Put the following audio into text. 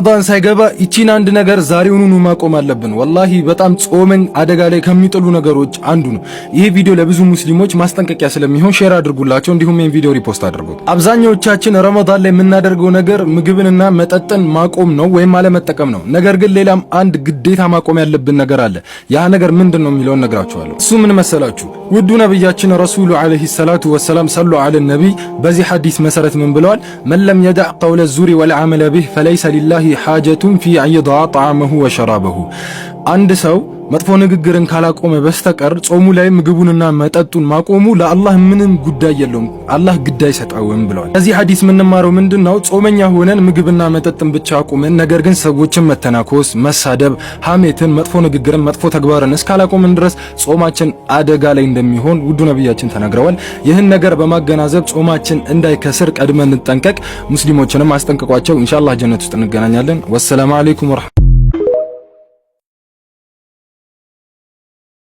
ረመዳን ሳይገባ ይቺን አንድ ነገር ዛሬውኑ ማቆም አለብን። ወላሂ በጣም ጾምን አደጋ ላይ ከሚጥሉ ነገሮች አንዱ ነው። ይህ ቪዲዮ ለብዙ ሙስሊሞች ማስጠንቀቂያ ስለሚሆን ሼር አድርጉላቸው፣ እንዲሁም ይህን ቪዲዮ ሪፖስት አድርጉት። አብዛኞቻችን ረመዳን ላይ የምናደርገው ነገር ምግብንና መጠጥን ማቆም ነው ወይም አለመጠቀም ነው። ነገር ግን ሌላም አንድ ግዴታ ማቆም ያለብን ነገር አለ። ያ ነገር ምንድን ነው የሚለውን ነግራችኋለሁ። እሱ ምን መሰላችሁ? ውዱ ነቢያችን ረሱሉ ዓለይሂ ሰላቱ ወሰላም ሰሉ ዓለ ነቢይ በዚህ ሐዲስ መሰረት ምን ብለዋል? መን ለም የዳዕ ቀውለ ዙሪ ወልዓመለ ቢህ ፈለይሰ ሊላ الله حاجة في أن يضع طعامه وشرابه አንድ ሰው መጥፎ ንግግርን ካላቆመ በስተቀር ጾሙ ላይ ምግቡንና መጠጡን ማቆሙ ለአላህ ምንም ጉዳይ የለውም፣ አላህ ግድ አይሰጠውም ብለዋል። ከዚህ ሐዲስ የምንማረው ምንድነው? ጾመኛ ሆነን ምግብና መጠጥን ብቻ አቁመን ነገር ግን ሰዎችን መተናኮስ፣ መሳደብ፣ ሐሜትን፣ መጥፎ ንግግርን፣ መጥፎ ተግባርን እስካላቆምን ድረስ ጾማችን አደጋ ላይ እንደሚሆን ውዱ ነብያችን ተናግረዋል። ይህን ነገር በማገናዘብ ጾማችን እንዳይከስር ቀድመን እንጠንቀቅ። ሙስሊሞችንም አስጠንቅቋቸው። ኢንሻአላህ ጀነት ውስጥ እንገናኛለን። ወሰላሙ አለይኩም ወራህመቱላህ